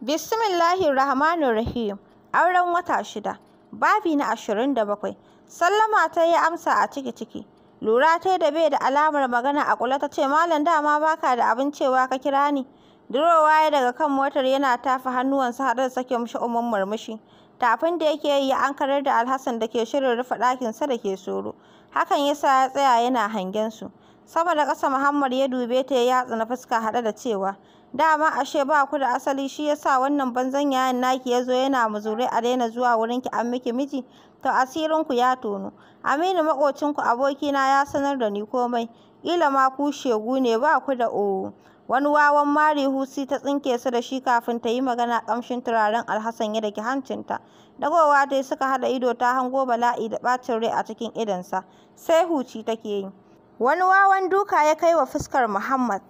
Bismillahirrahmanirrahim. Auren wata shida. Babi na ashirin da bakwai. Sallama ta yi amsa a ciki-ciki. Lura ta da bai da alamar magana a kula ta ce malam dama baka da abin cewa ka kira ni. Durowa ya daga kan motar yana tafa hannuwansa haɗe da sake mishi umar murmushi. Tafin da yake yi ya ankarar da Alhassan da ke shirin rufe ɗakinsa da ke soro. Hakan ya sa ya tsaya yana hangen su. Sama da ƙasa Muhammad ya dube ta ya yatsa na fuska haɗe da cewa dama ashe ba ku da asali shi yasa wannan banzan yayan naki ya zo yana muzurai a daina zuwa wurinki an miki miji to asirin ku ya tono aminu aboki abokina ya sanar da ni komai Ila ma ku shegu ne ba ku da o. wani wawan mari husi ta tsinke su da shi kafin ta yi magana kamshin turaren alhassan ya daki hancinta dagowa dai suka hada ido ta hango bala'i da bacin rai a cikin idonsa sai huci take yi wani wawan duka ya kai wa fuskar muhammad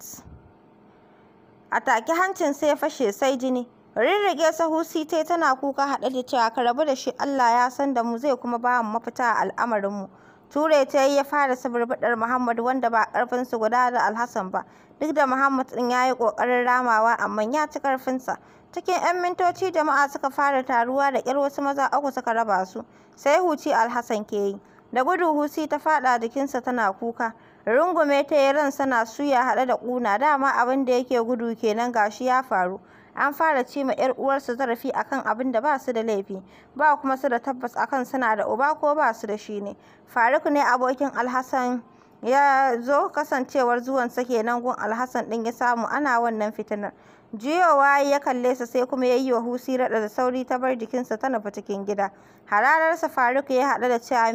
a take hancin sai ya fashe sai jini rirrige sahusi tai tana kuka haɗe da cewa ka rabu da shi Allah ya san da mu zai kuma ba mu mafita a al'amarinmu ture ta yi ya fara sabirbiɗar muhammad wanda ba ƙarfinsu guda da alhassan ba duk da muhammad ɗin ya yi ƙoƙarin ramawa amma ya ci ƙarfinsa cikin 'yan mintoci jama'a suka fara taruwa da ƙyar wasu maza uku suka raba su sai huci alhassan ke yi da gudu husi ta faɗa jikinsa tana kuka rungume ta yi ran na suya haɗe da ƙuna dama abin da yake gudu kenan gashi ya faru an fara ci ma yar uwarsa zarafi akan abin da ba su da laifi ba kuma su da tabbas akan suna da uba ko ba su da shi ne faruk ne abokin alhassan ya zo kasancewar zuwansa kenan gun alhassan ɗin ya samu ana wannan fitinar jiyowa ya kalle sa sai kuma ya yi wa husi raɗa da sauri ta bar jikinsa ta nufi cikin gida sa faruk ya haɗa da cewa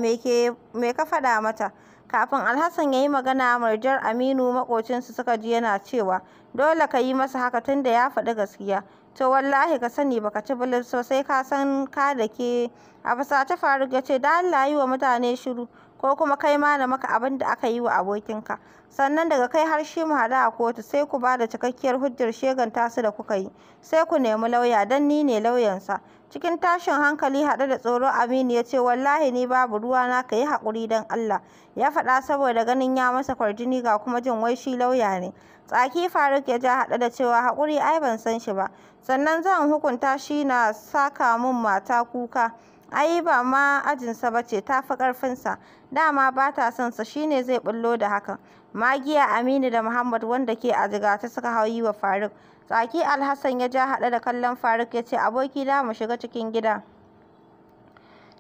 me ka faɗa mata Kafin Alhassan ya yi magana, Murjar Aminu makocinsu suka ji yana cewa, dole ka yi masa haka tunda ya faɗi gaskiya. To wallahi ka sani baka ci bilis sosai ka san ka da ke. A fusace faru ya ce, da Allah yi wa mutane shiru ko kuma kai ma na maka abin da aka yi wa abokinka. Sannan daga kai har shi mu hada a kotu sai ku ba da cikakkiyar hujjar sheganta su da kuka yi. Sai ku nemi lauya don ni ne lauyansa. Cikin tashin hankali haɗe da tsoro Aminu ya ce wallahi ni babu ruwana ka yi haƙuri don Allah. Ya faɗa saboda ganin ya masa kwarjini ga kuma jin wai shi lauya ne. Tsaki Faruk ya ja haɗe da cewa haƙuri ai ban san shi ba. Sannan zan hukunta shi na saka mun mata kuka. ai ba ma ajinsa ba ce ta fi ƙarfinsa dama ba ta son sa shine zai bullo da hakan magiya aminu da muhammad wanda ke ajigata suka hau yi wa faruk tsaki alhassan ya ja haɗe da kallon faruk ya ce aboki na mu shiga cikin gida.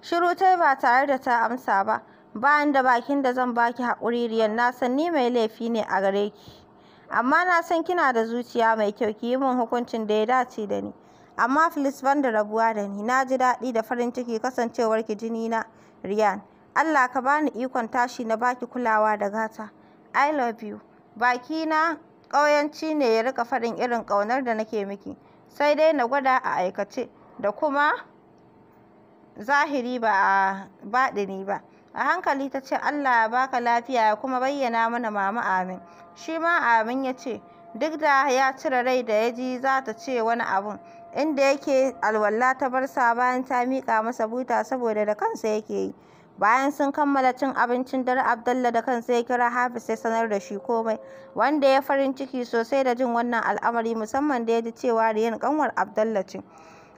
shiru tai ba tare da ta amsa ba bayan da bakin da zan baki haƙuri riyan na san ni mai laifi ne a gare ki amma na san kina da zuciya mai kyau ki yi min hukuncin da ya dace da ni amma filis ban da rabuwa da ni na ji daɗi da farin ciki kasancewar ki jini na Riyan Allah ka bani ikon tashi na baki kulawa da gata I love you baki na ƙauyanci ne ya rika faɗin irin ƙaunar da nake miki sai dai na gwada a aikace da kuma zahiri ba a baɗini ba a hankali ta ce allah ya baka lafiya ya kuma bayyana mana mama amin shi ma amin ya ce duk da ya cire rai da ya ji za ta ce wani abun inda yake alwala ta bar sa bayan ta miƙa masa buta saboda da kansa yake yi bayan sun kammala cin abincin dare abdalla da kansa ya kira hafiz sai sanar da shi komai wanda ya farin ciki sosai da jin wannan al'amari musamman da ya ji cewa riyan kanwar abdalla ce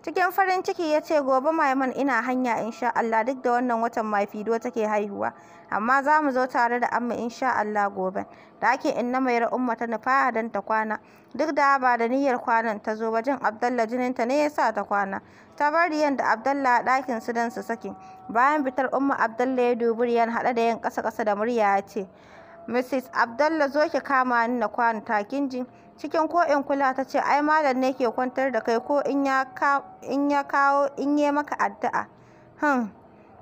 cikin farin ciki ya ce gobe maiman ina hanya insha Allah duk da wannan watan mafido take haihuwa amma za mu zo tare da amma insha Allah gobe ɗakin inna mai umma ta nufa don ta kwana duk da ba da niyyar kwanan ta zo jin abdalla jininta ne ya sa ta kwana ta bari yadda abdalla a ɗakin su don su sake Bayan fitar Umma Abdallah ya dubi Riyan haɗe da yin ƙasa-ƙasa da murya ya ce, Mrs. Abdallah zo ki kama ni na kwanta takin ji. Cikin ko in kula ta ce ai malam ne ke kwantar da kai ko in ya kawo in yi maka addu'a. Hmm.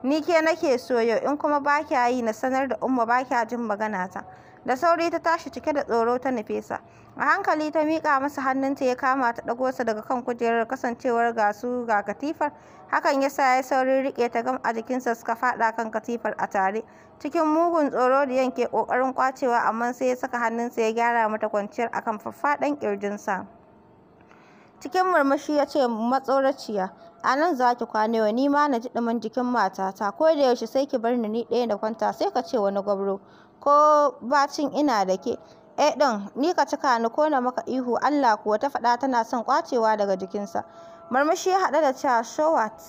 Ni ke nake so yau in kuma ba kya yi na sanar da Umma ba kya jin magana ta. da sauri ta tashi cike da tsoro ta sa a hankali ta miƙa masa hannunta ya kama ta ɗago sa daga kan kujerar kasancewar ga su ga katifar hakan ya sa ya saurin riƙe ta gam a jikinsa suka faɗa kan katifar a tare cikin mugun tsoro da yanke ƙoƙarin kwacewa amma sai ya saka hannunsa ya gyara mata kwanciyar akan faffaɗan sa. cikin murmushi ya ce matsoraciya a nan za ki kwane wa ni ma na ji ɗumin jikin matata ko da yaushe sai ki bar ni ni ɗaya na kwanta sai ka ce wani gwabro ko bacin ina da ke eh ɗin ni ka cika ni ko na maka ihu Allah kuwa ta faɗa tana son kwacewa daga jikinsa Marmashi ya haɗa da cewa showat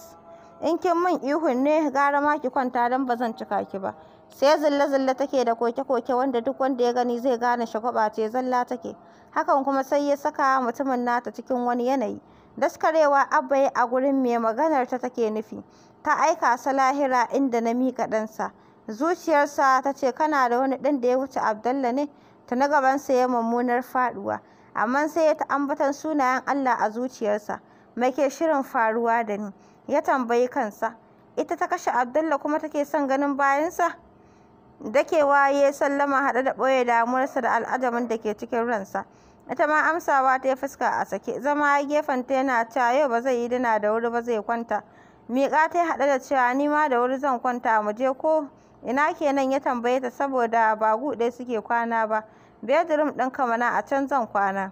in kin min ihun ne gara ma ki kwanta don ba zan cika ki ba sai zille zille take da koke koke wanda duk wanda ya gani zai gane shagwaba ce zalla take hakan kuma sai ya saka mutumin nata cikin wani yanayi daskarewa abba a gurin mai maganar ta take nufi ta aika sa lahira inda na mika ɗansa Zuciyarsa ta ce kana da wani ɗan da ya wuce abdalla ne, ta na gabansa ya mummunar faɗuwa. Amma sai ya ambatan sunayen Allah a zuciyarsa, mai ke shirin faruwa da ni? Ya tambayi kansa, ita ta kashe abdalla kuma take son ganin bayansa? Dakewa ya sallama haɗe da ɓoye damuwarsa da al'ajamin da ke cikin ransa. ita ma amsawa ta yi fuska a sake zama ya gefen ta yana cewa yau ba zai yi dina da wuri ba zai kwanta miƙa ta yi haɗe da cewa ni ma da wuri zan kwanta mu je ko Ina kenan ya tambaye ta saboda ba guɗe suke kwana ba. Bedroom ɗin mana a can zan kwana.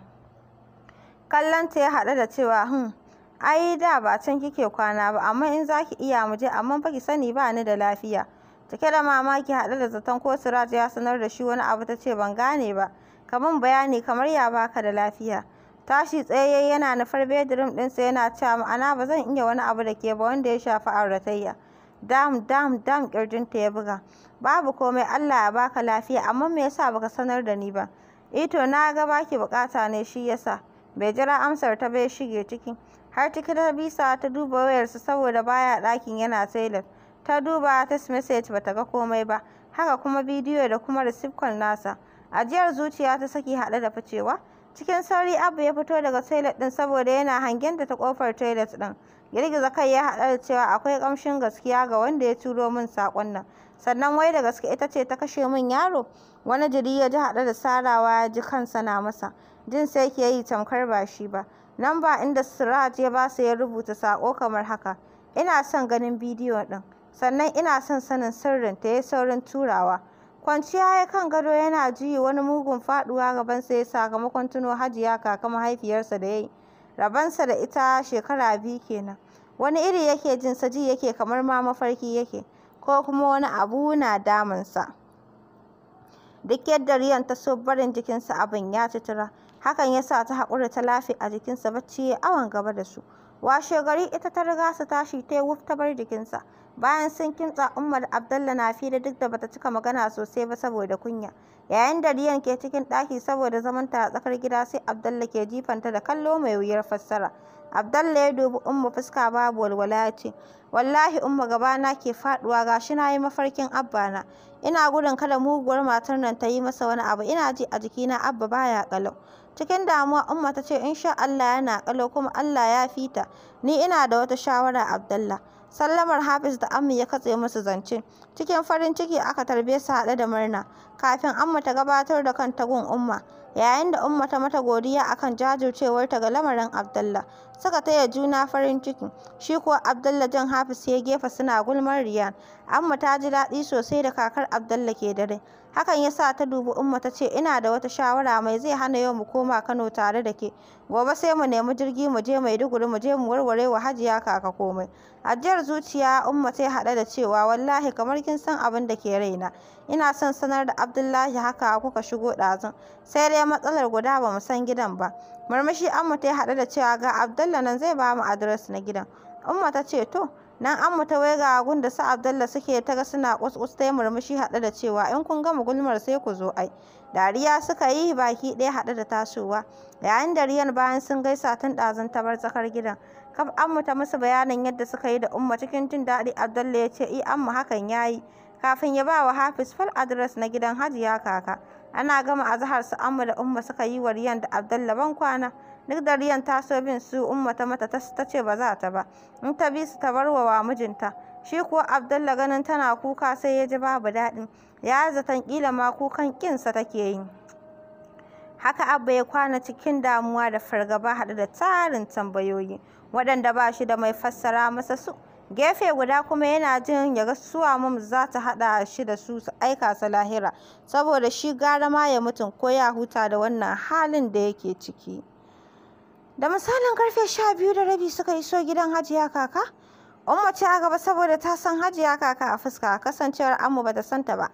Kallon ta ya haɗa da cewa hmm ai da ba can kike kwana ba amma in za ki iya mu je amma fa ki sani ba ni da lafiya. Cike da mamaki haɗa da zaton ko Siraj ya sanar da shi wani abu ta ce ban gane ba. Kaman bayani kamar ya baka da lafiya. Tashi tsaye yana nufar bedroom ɗinsa yana cewa ma'ana ba zan iya wani abu da ke ba wanda ya shafi auratayya. dam dam dam Ƙirjinta ya buga babu komai Allah ya baka lafiya amma me yasa baka sanar da ni ba ito eh na ga baki bukata ne shi yasa bai jira amsar ta bai shige ciki har ciki ta bisa ta duba wayarsa saboda baya ɗakin yana toilet ta duba ta message bata ga komai ba haka kuma bidiyo da kuma receipt nasa ajiyar zuciya ta saki haɗe da ficewa cikin sauri abu ya fito daga toilet din saboda yana hangen da ta kofar toilet din girgiza kai ya haɗa da cewa akwai ƙamshin gaskiya ga wanda ya turo min saƙon nan sannan wai da gaske ita ce ta kashe min yaro wani jiri ya ji haɗa da sarawa ya ji kansa na masa jin sai ke yi tamkar ba shi ba nan ba inda siraj ya ba su ya rubuta sako kamar haka ina son ganin bidiyo ɗin sannan ina son sanin sirrin ta ya saurin turawa Kwanciya ya kan gado yana ji wani mugun faɗuwa gabansa ya sakamakon tuno Hajiya kaka mahaifiyarsa da yayi yi. Rabonsa da ita shekara biyu kenan. Wani iri yake jinsa ji yake kamar ma mafarki yake, ko kuma wani abu na damunsa. Duk yadda Riyan ta so barin jikinsa abin ya tutura Hakan ya sa ta haƙura ta lafi a jikinsa bacci ya yi gaba da su. washe gari ita ta riga su tashi ta yi wuf ta bar jikinsa bayan sun kintsa umar abdalla na fi duk da bata cika magana sosai ba saboda kunya yayin da riyan ke cikin ɗaki saboda zamanta a tsakar gida sai abdalla ke jifanta da kallo mai wuyar fassara abdalla ya dubi umma fuska babu walwala ya ce wallahi umma gabana ke faduwa gashi na yi mafarkin abba na ina gudun kada muguwar matar nan ta yi masa wani abu ina ji a jikina abba baya kalau Cikin damuwa Umma ta ce in insha Allah yana kalo kuma Allah ya fita. Ni ina da wata shawara Abdullahi. Sallamar Hafiz da Ammi ya katse musu zance. cikin farin ciki aka tarbe su haɗe da murna kafin amma ta gabatar da kanta gun umma yayin da umma ta mata godiya akan ta ga lamarin abdullah suka taya juna farin ciki shi ko abdullah jan hafis ya gefa suna gulmar riyan amma ta ji daɗi sosai da kakar abdullah ke dare hakan ya sa ta dubi umma ta ce ina da wata shawara mai zai hana yau mu koma kano tare da ke gobe sai mu nemi jirgi mu je maiduguri mu je mu warware wa hajiya kaka komai ajiyar zuciya umma ta haɗa da cewa wallahi kamar kin san abin da ke raina ina son sanar da abdullahi haka kuka shigo ɗazun sai dai matsalar guda ba mu san gidan ba murmushi amma ta haɗu da cewa ga abdulla nan zai ba mu adires na gidan umma ta ce to nan amma ta ga gun da su abdulla suke ta ga suna kusus ta murmushi haɗu da cewa in kun gama gulmar sai ku zo ai dariya suka yi baki ɗaya haɗu da tasowa yayin da riyan bayan sun gaisa tun ɗazun ta bar tsakar gidan kaf amma musu bayanin yadda suka yi da umma cikin jin daɗi abdalla ya ce i eh, amma hakan ya yi. kafin ya ba wa hafiz fal adres na gidan hajiya kaka ana gama azahar su amma da umma suka yi wa riyan da abdalla ban kwana duk da riyan ta so bin su umma ta mata ta ce ba za ta ba in ta bi su ta bar wa mijinta shi kuwa abdalla ganin tana kuka sai ya ji babu daɗin. ya zaton kila ma kukan kinsa take yi haka abba ya kwana cikin damuwa da fargaba haɗe da tarin tambayoyi waɗanda ba shi da mai fassara masa su gefe guda kuma yana jin ya ga suwa mun za ta haɗa shi da su su aika su lahira saboda shi gara ma ya mutum ko ya huta da wannan halin da yake ciki da misalin karfe sha biyu da rabi suka iso gidan hajiya kaka umma ce a gaba saboda ta san hajiya kaka a fuska kasancewar amma bata santa ba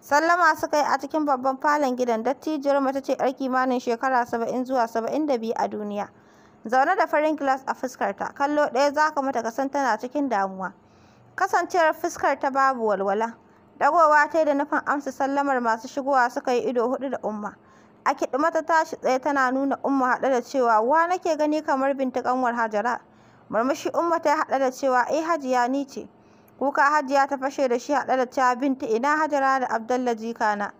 sallama suka yi a cikin babban falon gidan dattijiyar mata ce yar kimanin shekara saba'in zuwa saba'in da biyu a duniya zaune da farin gilas a fuskarta kallo ɗaya za ka mata kasan tana cikin damuwa kasancewar fuskar ta babu walwala dagowa ta da nufin amsa sallamar masu shigowa suka yi ido hudu da umma a kiɗima ta tashi tsaye tana nuna umma haɗe da cewa wa nake gani kamar binta ƙanwar hajara murmushi umma ta haɗe da cewa eh hajiya ni ce kuka hajiya ta fashe da shi haɗe da cewa binta ina hajara da abdalla jikana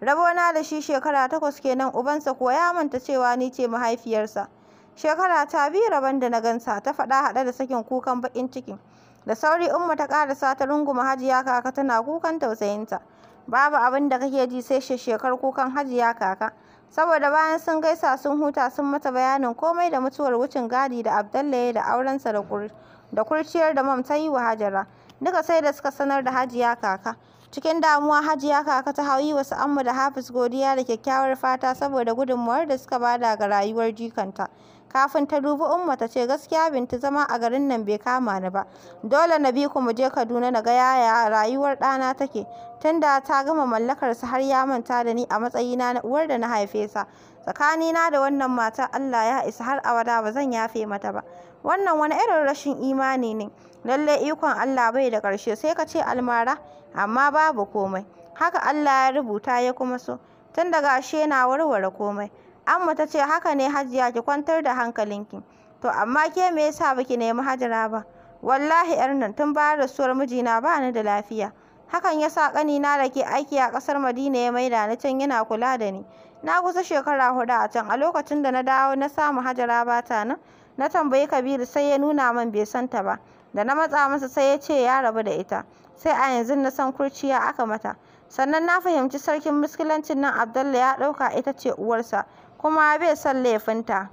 rabona da shi shekara takwas kenan ubansa kuwa ya manta cewa ni ce mahaifiyarsa shekara ta biyu rabon da na gansa ta faɗa haɗe da sakin kukan baƙin ciki da sauri umma ta ƙarasa ta runguma hajiya kaka tana kukan tausayinta babu abin da kake ji sai shekar kukan hajiya kaka saboda bayan sun gaisa sun huta sun mata bayanin komai da mutuwar wucin gadi da abdalla da aurensa da da kurciyar da mam ta yi wa hajara duka sai da suka sanar da hajiya kaka cikin damuwa hajiya kaka ta hau yi wa da hafiz godiya da kyakkyawar fata saboda gudunmuwar da suka bada ga rayuwar jikanta kafin ta dubi Umma ta ce gaskiya Binti zama a garin nan bai kama ni ba. Dole na bi ku mu je Kaduna na ga yaya rayuwar ɗana take. Tunda ta gama mallakar sa har ya manta da ni a matsayina na uwar da na haife sa. Tsakanina da wannan matar Allah ya isa har abada ba zan yafe mata ba. Wannan wani irin rashin imani ne. Lallai ikon Allah bai da ƙarshe sai ka ce almara amma babu komai. Haka Allah ya rubuta ya kuma so. Tun daga ashe na warware komai. Amma ta ce haka ne Hajiya ki kwantar da hankalinki. To amma ke me yasa baki nemi Hajara ba? Wallahi ƴar nan tun bayan rasuwar mijina ba ni da lafiya. Hakan ya sa na da ke aiki a ƙasar Madina ya maida ni can yana kula da ni. Na kusa shekara huɗu a can a lokacin da na dawo na samu Hajara ba ta nan. Na tambayi Kabiru sai ya nuna min bai san ta ba. Da na matsa masa sai ya ce ya rabu da ita. Sai a yanzu na san kurciya aka mata. Sannan na fahimci sarkin muskilancin nan Abdullahi ya ɗauka ita ce uwarsa. kuma bai son laifinta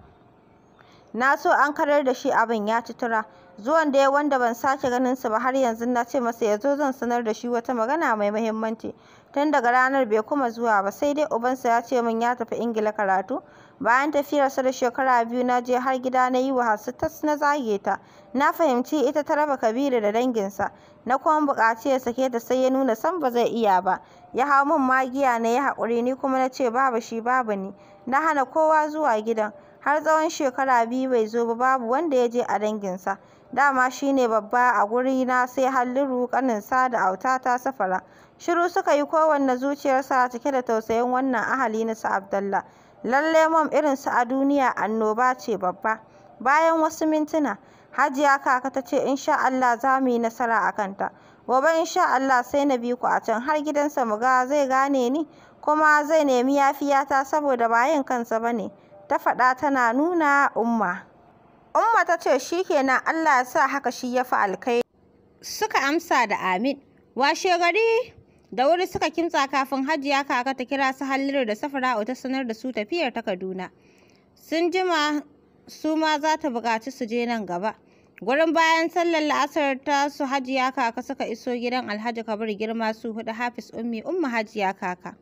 na so an karar da shi abin ya ci zuwan da ya wanda ban sake ganin su ba har yanzu na ce masa ya zo zan sanar da shi wata magana mai muhimmanci tun daga ranar bai kuma zuwa ba sai dai ubansa ya ce min ya tafi ingila karatu Bayan tafiyarsa da shekara biyu na je har gida na yi wa tas na zage ta. Na fahimci ita ta raba Kabiru da danginsa. Na kuma buƙaci ya sake ta sai ya nuna san ba zai iya ba. Ya hau min magiya na yi haƙuri ni kuma na ce babu shi babu ni. Na hana kowa zuwa gidan. Har tsawon shekara biyu bai zo ba babu wanda ya je a danginsa. Dama shi ne babba a gurina sai halliru ƙaninsa da auta ta safara. Shiru suka yi kowanne zuciyarsa cike da tausayin wannan ahali na su Abdallah. Lallai mom su a duniya annoba ce babba. Bayan wasu mintuna, Hajiya Kaka ta ce insha Allah za mu yi nasara a kanta. Gobe insha Allah sai na bi ku a can har gidansa mu ga zai gane ni kuma zai nemi yafiyata saboda ba yin kansa ba ne. Ta faɗa tana nuna Umma. Umma ta ce shi kenan Allah ya sa haka shi ya fi alkhairi. Suka amsa da amin. Washe gari da wuri suka kimtsa kafin hajiya kaka ta kira su halliru da safara'u ta sanar da su tafiyar ta kaduna sun jima su ma za ta buƙaci su je nan gaba gurin bayan sallar la'asar ta su hajiya kaka suka iso gidan alhaji kabir girma su hudu hafiz ummi umma hajiya kaka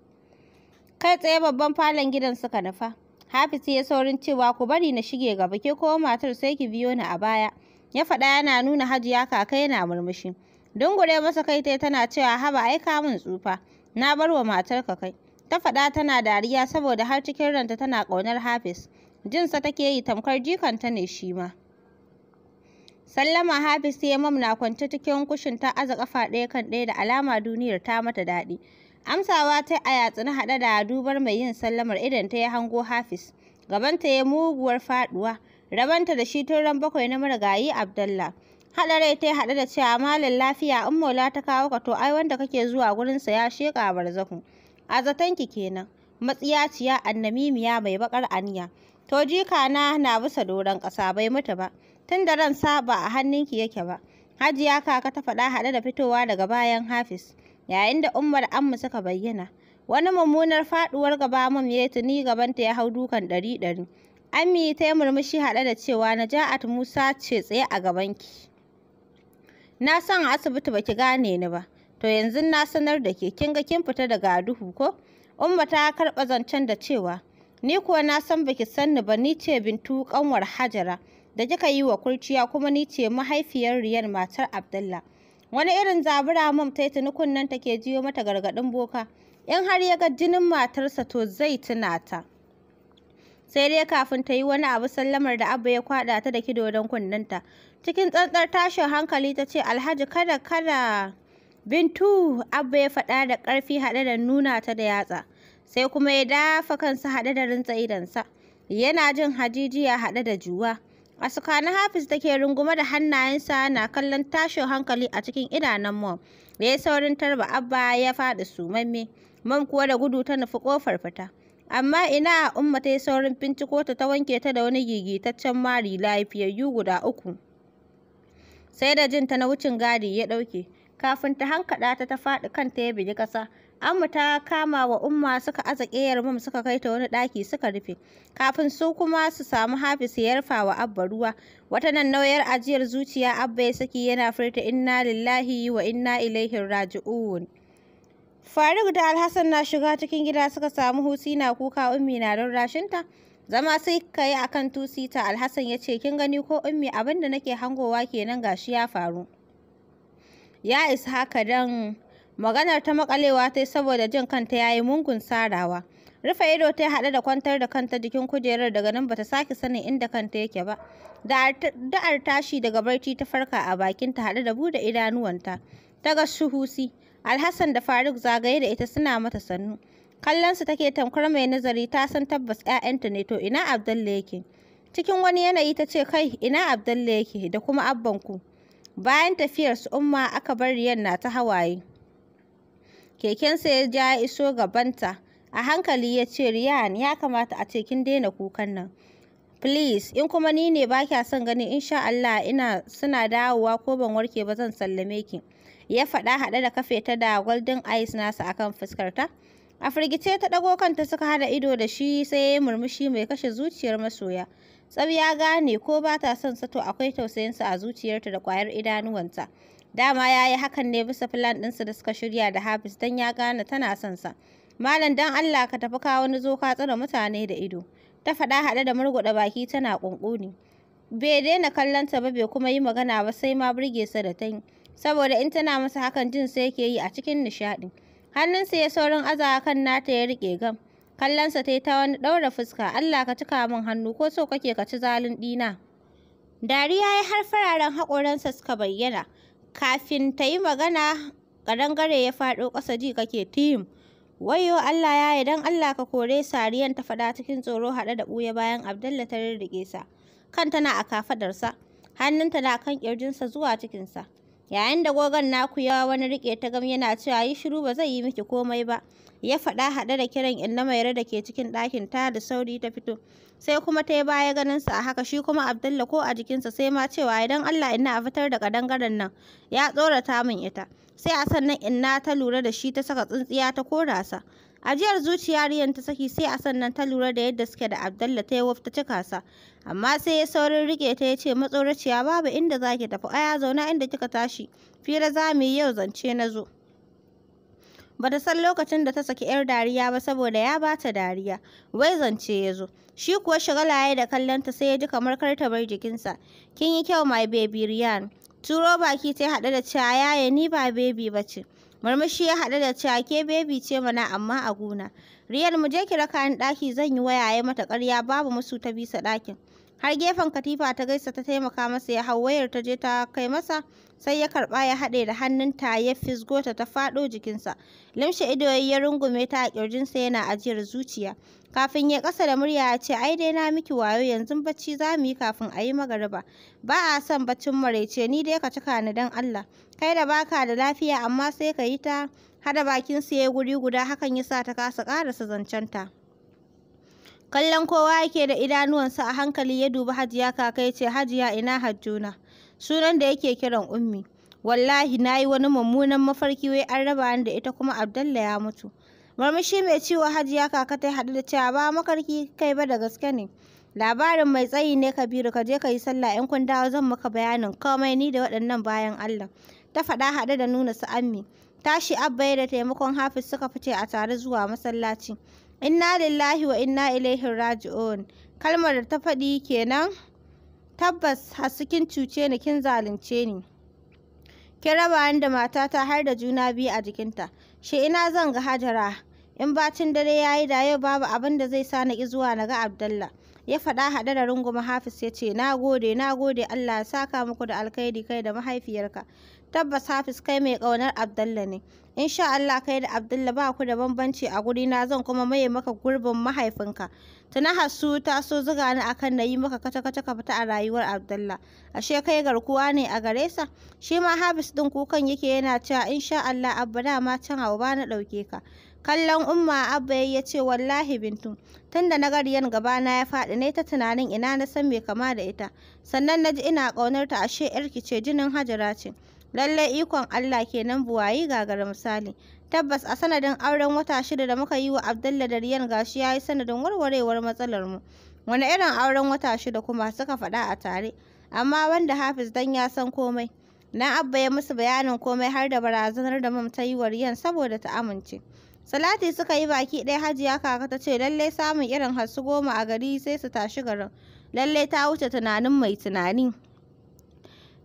kai tsaye babban falon gidan suka nufa hafiz ya saurin cewa ku bari na shige gaba ke ko matar sai ki biyo ni a baya ya faɗa yana nuna hajiya kaka yana murmushi Dungure masa kai tai tana cewa haba ai ka min tsufa. Na bar wa matarka kai. Ta faɗa tana dariya saboda har cikin ranta tana ƙaunar Hafiz. Jinsa take yi tamkar jikanta ne shi ma. Sallama Hafiz sai mam na kwance cikin kushin ta aza kafa ɗaya kan ɗaya da alama duniyar ta mata daɗi. Amsawa ta a yatsuna haɗe da dubar mai yin sallamar idan ta yi hango Hafiz. Gabanta ya muguwar faɗuwa. Rabanta da shi tun ran bakwai na marigayi Abdallah. haɗa rai ta haɗu da cewa malin lafiya in mola ta kawo ka to ai wanda kake zuwa gurinsa ya sheƙa barzaku a zatanki kenan matsiyaciya annamimiya mai bakar aniya to jika na na bisa doron ƙasa bai mutu ba tun da ran saba a hannunki yake ba hajiya kaka ta faɗa haɗe da fitowa daga bayan Hafis? yayin da ummar ammu suka bayyana wani mummunar faɗuwar gaba mun ya tuni gabanta ya hau dukan ɗari ɗari ammi ta yi murmushi haɗe da cewa naja'at musa ce tsaye a gabanki na san a asibiti baki gane ni ba to yanzu na sanar da ke kin ga kin fita daga duhu ko umma ta karba zancen da cewa ni kuwa na san baki san ni ba ni ce bintu kanwar hajara da kika yi wa kurciya kuma ni ce mahaifiyar riyar matar abdullah wani irin zabura mum ta yi kunnen take jiyo mata gargadin boka in har ya ga jinin matarsa to zai tuna ta sai dai kafin ta yi wani abu sallamar da abba ya kwaɗa ta da kido don kunnenta cikin tsantsar tashin hankali ta ce alhaji kada kada bintu abba ya faɗa da ƙarfi haɗe da nuna ta da yatsa sai kuma ya dafa kansa haɗe da rintsa idansa yana jin hajijiya haɗe da juwa a tsakanin hafiz da ke rungume da hannayensa na kallon tashin hankali a cikin idanun mom da ya saurin tarba abba ya faɗi sumamme mom kuwa da gudu ta nufi ƙofar fita amma ina umma ta yi saurin binciko ta ta wanke ta da wani gigitaccen mari lafiyayyu guda uku sai da jinta na wucin gadi ya ɗauke kafin ta hankaɗa ta ta faɗi kanta ya bigi ƙasa Amma ta kama wa Umma suka aza ƙeyar mum suka kai ta wani ɗaki suka rufe. Kafin su kuma su samu hafis ya yarfa wa Abba ruwa. Wata nan nauyar ajiyar zuciya Abba ya saki yana furta inna lillahi wa inna ilaihi raji'un. Faruk da Alhassan na shiga cikin gida suka samu Husina kuka Ummi na rashinta. zama sai ka yi akan tusita alhassan ya ce kin gani ko ummi abin da nake hangowa kenan gashi ya faru ya isa haka dan maganar ta makalewa ta saboda jin kanta ya yi mungun sarawa rufe ido ta haɗe da kwantar da kanta jikin kujerar daga nan bata sake sanin inda kanta yake ba da'ar tashi daga barci ta farka a bakin ta haɗe da buɗe idanuwanta ta ga shuhusi alhassan da faruk zagaye da ita suna mata sannu kallon su take tamkar mai nazari ta san tabbas 'ya'yanta ne to ina abdalla yake cikin wani yanayi ta ce kai ina abdalla yake da kuma abbanku bayan tafiyar su umma aka bar riyan na ta hawaye kekensa ya ja iso gabanta a hankali ya ce riyan ya kamata a ce kin daina kukan nan please in kuma ni ne ba kya son gani insha Allah ina suna dawowa ko ban warke ba zan sallame ki ya faɗa haɗe da kafe ta da golden eyes nasa akan fuskarta A firgice ta ɗago kanta suka hada ido da shi sai ya yi murmushi mai kashe zuciyar masoya. Tsab ya gane ko ba ta son sa to akwai tausayinsa a zuciyarta da ƙwayar idanuwanta. Dama ya yi hakan ne bisa filan ɗinsa da suka shirya da Hafiz don ya gane tana son sa. Malam dan Allah ka tafi kawo wani zo ka tsare mutane da ido. Ta faɗa haɗe da murguɗa baki tana ƙunƙuni. Bai daina kallonta ba bai kuma yi magana ba sai ma burge sa da ta yi. Saboda in tana masa hakan jin sai yake yi a cikin nishaɗi. hannunsa ya saurin aza kan nata ya riƙe gam kallonsa ta yi ta wani ɗaura fuska allah ka cika min hannu ko so kake ka ci zalin ɗina dariya ya har fararen haƙoransa suka bayyana kafin ta yi magana ƙadangare ya faɗo ƙasa ji kake tim wayo allah ya don allah ka kore sariyan ta faɗa cikin tsoro haɗe da ɓuya bayan abdalla ta rirriƙe sa kanta na a kafaɗarsa hannunta na kan ƙirjinsa zuwa cikinsa Yayin da gogon naku ya wani rike ta gam yana cewa yi shiru ba zai yi miki komai ba. Ya faɗa haɗe da kiran inna mai da ke cikin ɗakin ta da sauri ta fito. Sai kuma ta yi baya ganin sa a haka shi kuma Abdullah ko a jikinsa sai ma cewa idan Allah inna a fitar da kadangaren nan ya tsorata min ita. Sai a sannan inna ta lura da shi ta saka tsintsiya ta korasa. Ajiyar zuciya Riyan ta saki sai a sannan ta lura da yadda suke da Abdalla ta yi wafta cika sa. Amma sai ya saurin rike ta ya ce matsoraciya babu inda za ki tafi aya zauna inda kika tashi. Fira za mu yi yau zance na zo. Ba ta san lokacin da ta saki 'yar dariya ba saboda ya ba ta dariya. Wai zance ya zo. Shi kuwa shagala ya da kallonta sai ya ji kamar kar ta bar jikinsa. Kin yi kyau mai baby Riyan. Turo baki ta haɗe da cewa yaya ni ba bebi ba ce. Murmushi ya haɗu da cewa ke bebi ce mana amma a gona. Riyal mu je ki raka ɗaki zan yi waya ya mata ƙarya babu musu ta bisa ɗakin. har gefen katifa ta gaisa ta taimaka masa ya hau wayar ta je ta kai masa sai ya karba ya haɗe da hannunta ya fisgota ta ta faɗo jikinsa limshe ido ya rungume ta a sa yana ajiyar zuciya kafin ya ƙasa da murya ya ce ai dai na miki wayo yanzu bacci za mu yi kafin a yi magariba ba a son baccin maraice ni dai ka cika ni dan allah kai da baka da lafiya amma sai ka yi ta hada bakin su ya guri guda hakan ya sa ta kasa ƙarasa zancenta kallon kowa yake da idanuwansa a hankali ya duba hajiya kaka ya ce hajiya ina hajjuna sunan da yake kiran ummi wallahi na yi wani mummunan mafarki wai an raba ni da ita kuma abdalla ya mutu murmushi mai ciwo hajiya kaka ta haɗu da cewa ba makarki kai ba da gaske ne labarin mai tsayi ne kabiru ka je ka yi sallah in kun dawo zan maka bayanin komai ni da waɗannan bayan allah ta faɗa haɗe da nuna su ammi tashi abba da taimakon hafiz suka fice a tare zuwa masallaci inna lillahi wa inna ilaihi raji'un kalmar da ta faɗi kenan tabbas hasukin cuce ni kin zalunce ni kin raba ni da matata har da juna biyu a jikinta shi ina zan ga hajara in bacin dare yayi da yau babu abin da zai sa ki zuwa naga ga ya faɗa haɗe da runguma hafiz ya ce na gode na gode allah ya saka muku da alkhairi kai da mahaifiyarka tabbas hafiz kai mai ƙaunar abdalla ne insha Allah kai da Abdullah ba ku da bambanci a guri na zan kuma maye maka gurbin mahaifinka tana hasu ta so zuga ni akan na yi maka kata kata ka fita a rayuwar Abdullah ashe kai garkuwa ne a gare sa shi ma Habis din kukan yake yana cewa insha Allah abba ma can hawa na dauke ka kallon umma abba ya ce wallahi bintu tunda na gariyan gaba na ya faɗi ne ta tunanin ina na san me kama da ita sannan na ji ina ƙaunar ta ashe yarki ce jinin hajara ce Lallai ikon Allah kenan buwayi gagara misali. Tabbas a sanadin auren wata shida da muka yi wa Abdullah da Riyan gashi ya yi sanadin warwarewar matsalar mu. Wani irin auren wata shida kuma suka faɗa a tare. Amma wanda Hafiz dan ya san komai. Na abba ya musu bayanin komai har da barazanar da mam ta yi wa Riyan saboda ta amince. Salati suka yi baki ɗaya hajiya kaka ta ce lallai samun irin hasu goma a gari sai su tashi garin. Lallai ta wuce tunanin mai tunani.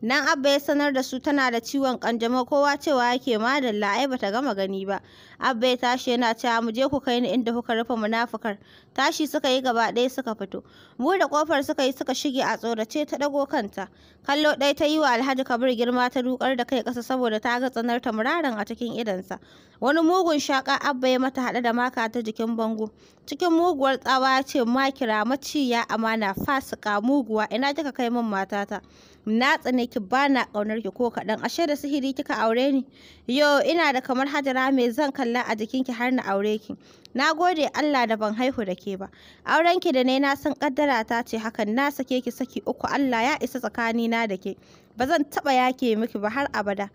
Nan Abba ya sanar da su tana da ciwon ƙanjamau kowa cewa yake madalla ai bata gama gani ba. Abba ya tashi yana cewa mu je ku kai ni inda kuka rufe munafukar. Tashi suka yi gaba ɗaya suka fito. Mu da kofar suka yi suka shige a tsorace ta dago kanta. Kallo ɗaya ta yi wa Alhaji Kabir girma ta dukar da kai ƙasa saboda ta ga tsanar ta muraran a cikin idonsa. Wani mugun shaka Abba ya mata haɗe da maka ta jikin bango. Cikin muguwar tsawa ya ce makira maciya amana fasika muguwa ina kika kai min matata. na tsane ki bana kaunar ki ko kaɗan ashe da sihiri kika aure ni yo ina da kamar hajara me zan kalla a jikin ki har na aure ki na gode Allah da ban haihu da ke ba auren ki da ne na san kaddara ta ce hakan na sake ki saki uku Allah ya isa tsakani na da ke ba zan taba yake miki ba har abada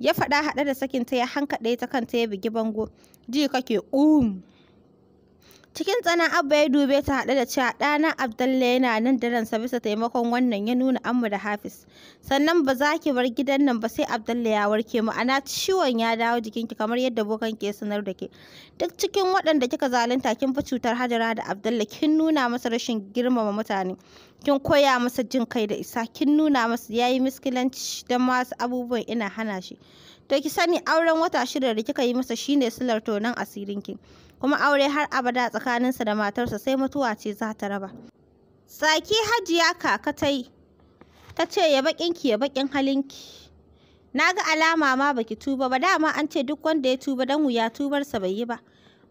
ya faɗa haɗe da sakinta ya hankaɗe ta kanta ya bigi bango ji kake um Cikin tsana Abba ya dube ta haɗe da cewa ɗana Abdullahi yana nan da ransa bisa taimakon wannan ya nuna amma da Hafiz. Sannan ba za ki bar gidan nan ba sai Abdullahi ya warke ma'ana ciwon ya dawo jikinki kamar yadda bokan ke sanar da ke. Duk cikin waɗanda kika zalunta kin fi cutar Hajara da Abdullahi kin nuna masa rashin girmama mutane. Kin koya masa jin kai da isa kin nuna masa yayi miskilanci da masu abubuwan ina hana shi. To ki sani auren wata shida da kika yi masa shine silar asirin ki. kuma aure har abada tsakaninsa da matarsa sai mutuwa ce za ta raba tsaki hajiya kaka ta yi ta ce ya baƙinki ya baƙin halinki na ga alama ma baki tuba ba dama an ce duk wanda ya tuba dan wuya tubarsa bai yi ba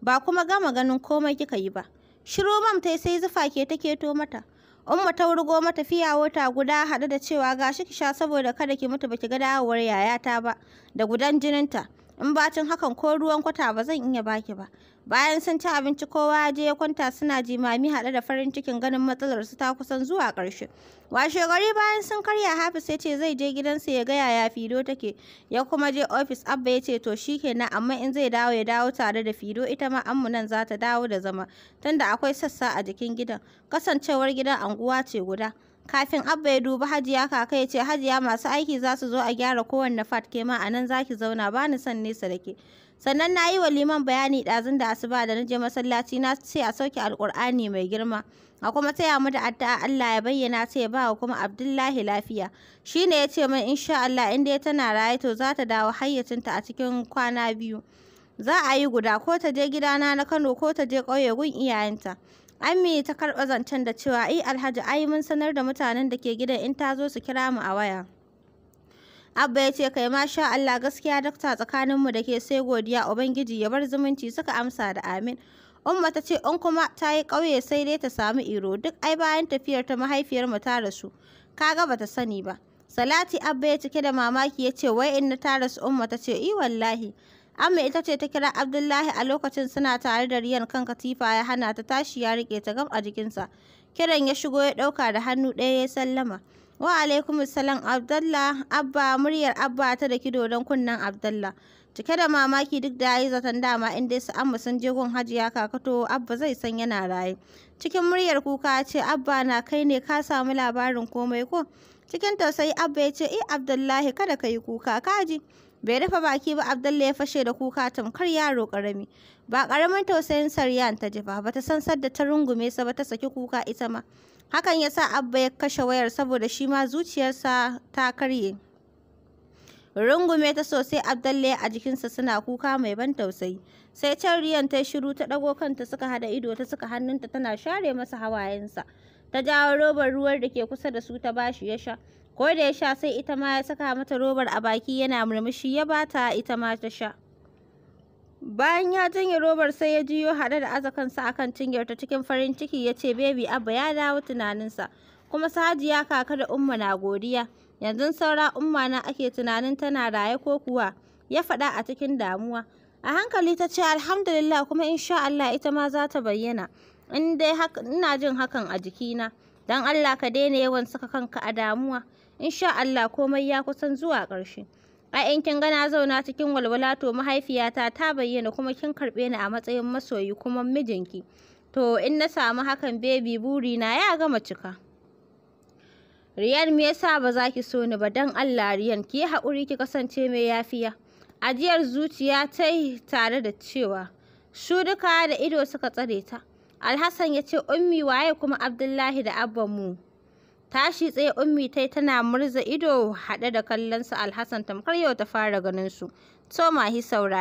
ba kuma gama ganin komai kika yi ba shiru mam yi sai zufa ke ta keto mata umma ta wurgo mata fiyawo ta guda haɗu da cewa gashi ki sha saboda kada ki mutu baki ga dawowar yayata ba da gudan jininta in bacin hakan ko ruwan kwata ba zan iya baki ba bayan sun ci abinci kowa ya je ya kwanta suna jimami haɗe da farin cikin ganin matsalar su ta kusan zuwa ƙarshe washe gari bayan sun karya hafis ya ce zai je gidansa ya gaya ya fido take ya kuma je ofis abba ya ce to shi shikenan amma in zai dawo ya dawo tare da fido ita ma nan za ta dawo da zama tunda akwai sassa a jikin gidan kasancewar gidan anguwa ce guda kafin abba ya dubi hajiya kaka ya ce hajiya masu aiki za su zo a gyara kowanne fat ke ma a nan za ki zauna ba ni son nesa da ke sannan na yi wa liman bayani ɗazun da asuba da na je masallaci na ce a sauke alƙur'ani mai girma a kuma taya mu da addu'a Allah ya bayyana ta ya bawa kuma Abdullahi lafiya shine ya ce min insha Allah in dai tana raye to za ta dawo hayyacinta a cikin kwana biyu za a yi guda ko ta je gidana na Kano ko ta je ƙauye gun iyayenta Ami ta karɓa zancen da cewa ai Alhaji ai mun sanar da mutanen da ke gidan in ta zo su kira mu a waya. Abba ya ce kai ma sha Allah gaskiya dakta tsakanin mu da ke sai godiya Ubangiji ya bar zumunci suka amsa da amin. Umma ta ce in kuma ta yi ƙauye sai dai ta samu iro duk ai bayan tafiyar ta mahaifiyarmu ta rasu. Kaga bata sani ba. Salati Abba ya cike da mamaki ya ce wai in na ta rasu Umma ta ce i wallahi. Amma ita ce ta kira Abdullahi a lokacin suna tare da Riyan kan katifa ya hana ta tashi ya rike ta gam a jikinsa. Kiran ya shigo ya ɗauka da hannu ɗaya ya sallama. Wa alaikum salam Abdullah Abba muryar Abba ta da kido don kunnen Abdullah. Cike da mamaki duk da yayi zaton dama in su amma sun je gun Hajiya Kakato Abba zai san yana raye. Cikin muryar kuka ce Abba na kai ne ka samu labarin komai ko? Cikin tausayi Abba ya ce eh Abdullahi kada ka yi kuka kaji. bai rufe baki ba abdalla ya fashe da kuka tamkar yaro karami ba karamin tausayin saryan ta jifa ba ta san sadda ta rungume sa ba ta saki kuka ita ma hakan ya sa abba ya kashe wayar saboda shi ma zuciyarsa ta karye rungume ta sosai abdalle a jikinsa suna kuka mai ban tausayi sai can riyan ta shiru ta ɗago kanta suka hada ido ta suka hannunta tana share masa hawayensa ta jawo robar ruwan da ke kusa da su ta bashi ya sha ko da ya sha sai ita ma ya saka mata robar a baki yana murmushi ya bata ita ma ta sha bayan ya janye robar sai ya jiyo haɗe da aza kansa akan ta cikin farin ciki ya ce bebi abba ya dawo tunaninsa kuma sahajiya kaka da umma na godiya yanzu saura umma na ake tunanin tana raye ko kuwa ya faɗa a cikin damuwa a hankali ta ce alhamdulillah kuma insha Allah ita ma za ta bayyana in dai ina jin hakan a jikina don Allah ka daina yawan saka kanka a damuwa insha Allah komai ya kusan zuwa ƙarshe a in kin gana zauna cikin walwala to mahaifiyata ta bayyana kuma kin karɓe ni a matsayin masoyi kuma mijinki to in na samu hakan bebi buri na ya gama cika Riyan me yasa ba za ki so ni ba dan Allah Riyan ki haƙuri ki kasance mai yafiya ajiyar zuciya ta yi tare da cewa shuduka da ido suka tsare ta Alhassan ya ce ummi waye kuma Abdullahi da abban mu Tashi tsaye Ummi tai tana murza ido haɗe da kallon su Alhassan tamkar yau ta fara ganin su. ma hi saurare.